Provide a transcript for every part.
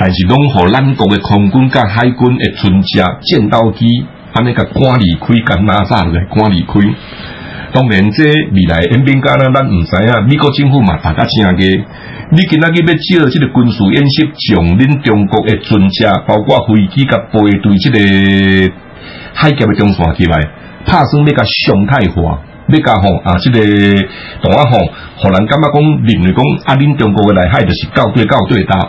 但是，攏互咱國嘅空軍、甲海軍嘅船隻、戰鬥機，安尼甲趕離開甲哪吒來趕離開，當然，即未來邊邊間啦，咱毋知影美國政府嘛，大家知阿個。你今阿個要借即個軍事演習，將恁中國嘅船隻，包括飛機甲部隊，即個海峽要中線起來，拍算咩甲常態化？咩甲夥啊？即、這個同阿號互蘭，感、喔、覺講認為講啊，恁中國嘅內海就是交對交對搭。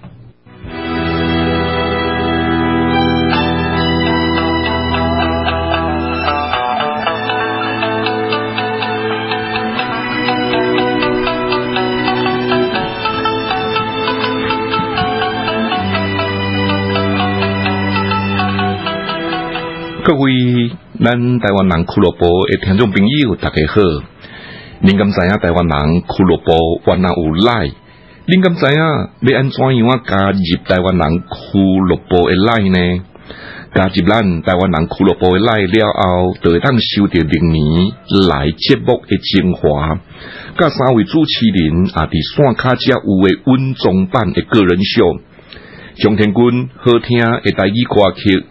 各位，咱台灣人俱樂部的聽眾朋友，大家好！您敢知影台灣人俱樂部原來有來？您敢知影要安怎樣加入台灣人俱樂部的來呢？加入咱台灣人俱樂部的來了後，就會當收到明年來節目嘅精華。甲三位主持人啊佇山卡家有嘅穩中版嘅個人秀，張天軍好聽嘅台語歌曲。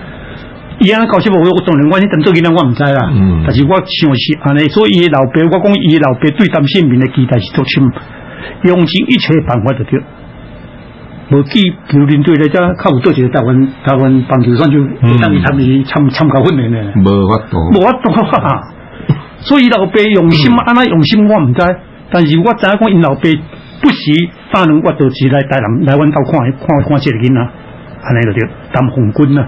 安尼搞啲乜嘢我做人，我呢等做囡仔我毋知啦，嗯、但是我想是安尼，所以伊老爸，我講，伊老爸對陳姓民嘅期待是足深，用盡一切辦法對得。冇基教練隊嚟遮靠我多錢帶穩帶穩棒球衫就等於他們參參加訓練呢，無法度，無法度啊！所以老爸用心，安那、嗯、用心我毋知，但是我知係講，伊老爸不是但人，我就是來帶人嚟阮兜看，看看睇啲囡仔安尼就得，擔紅軍啊。